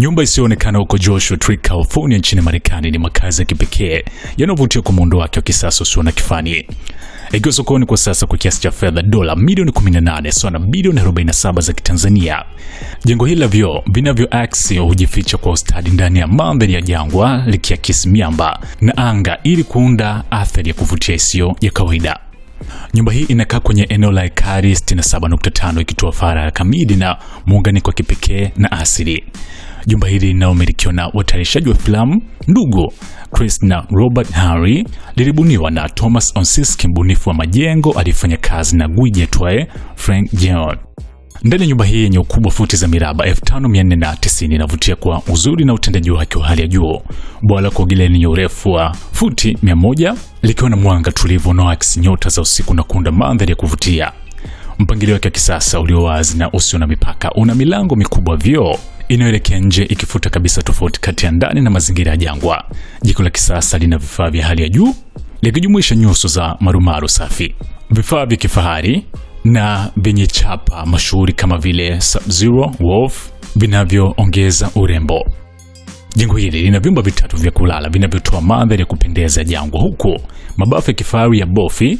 Nyumba isiyoonekana huko Joshua Tree, California nchini Marekani ni makazi ya kipekee yanayovutia kwa muundo wake wa kisasa usio na kifani, ikiwa sokoni kwa sasa kwa kiasi cha fedha dola milioni 18 sawa na bilioni 47 za Kitanzania. Jengo hili la vioo vinavyoaksi hujificha kwa ustadi ndani ya mandhari ya jangwa likiakisi miamba na anga ili kuunda athari ya kuvutia isiyo ya kawaida. Nyumba hii inakaa kwenye eneo la ekari 67.5 ikitoa faragha kamili na muunganiko wa kipekee na asili. Jumba hili linalomilikiwa na watayarishaji wa filamu ndugu Chris na Robert Harry lilibuniwa na Thomas Onsiski, mbunifu wa majengo aliyefanya kazi na gwiji aitwaye Frank Gehry. Ndani ya nyumba hii yenye ukubwa futi za miraba 5490 inavutia kwa uzuri na utendaji wake wa hali ya juu. Bwawa la kuogelea lenye urefu wa futi 100 likiwa na mwanga tulivu unaoakisi nyota za usiku na kuunda mandhari ya kuvutia. Mpangilio wake wa kisasa ulio wazi na usio na mipaka una milango mikubwa vioo inayoelekea nje ikifuta kabisa tofauti kati ya ndani na mazingira ya jangwa. Jiko la kisasa lina vifaa vya hali ya juu likijumuisha nyuso za marumaru safi, vifaa vya kifahari na vyenye chapa mashuhuri kama vile Sub-Zero, Wolf vinavyoongeza urembo. Jengo hili lina vyumba vitatu vya kulala vinavyotoa mandhari ya kupendeza jangwa, huku mabafu ya kifahari ya bofi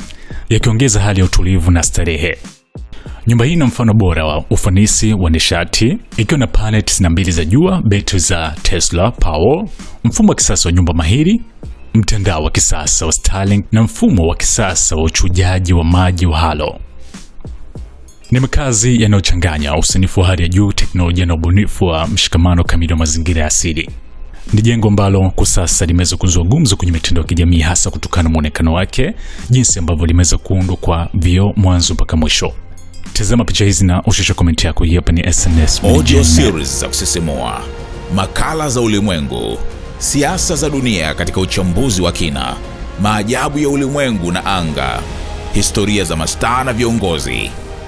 yakiongeza hali ya utulivu na starehe. Nyumba hii ina mfano bora wa ufanisi wa nishati ikiwa na paneli 92 za jua, betri za Tesla Power, mfumo wa kisasa wa nyumba mahiri, mtandao wa kisasa wa Starlink na mfumo wa kisasa wa uchujaji wa maji wa Halo. Ni makazi yanayochanganya usanifu wa hali ya juu, teknolojia na ubunifu wa mshikamano kamili wa mazingira ya asili. Ni jengo ambalo kwa sasa limeweza kuzua gumzo kwenye mitendo ya kijamii, hasa kutokana na muonekano wake, jinsi ambavyo limeweza kuundwa kwa vio mwanzo mpaka mwisho. Tazama picha hizi na ushusha komenti yako. Hii hapa ni SNS audio series za kusisimua, makala za ulimwengu, siasa za dunia katika uchambuzi wa kina, maajabu ya ulimwengu na anga, historia za mastaa na viongozi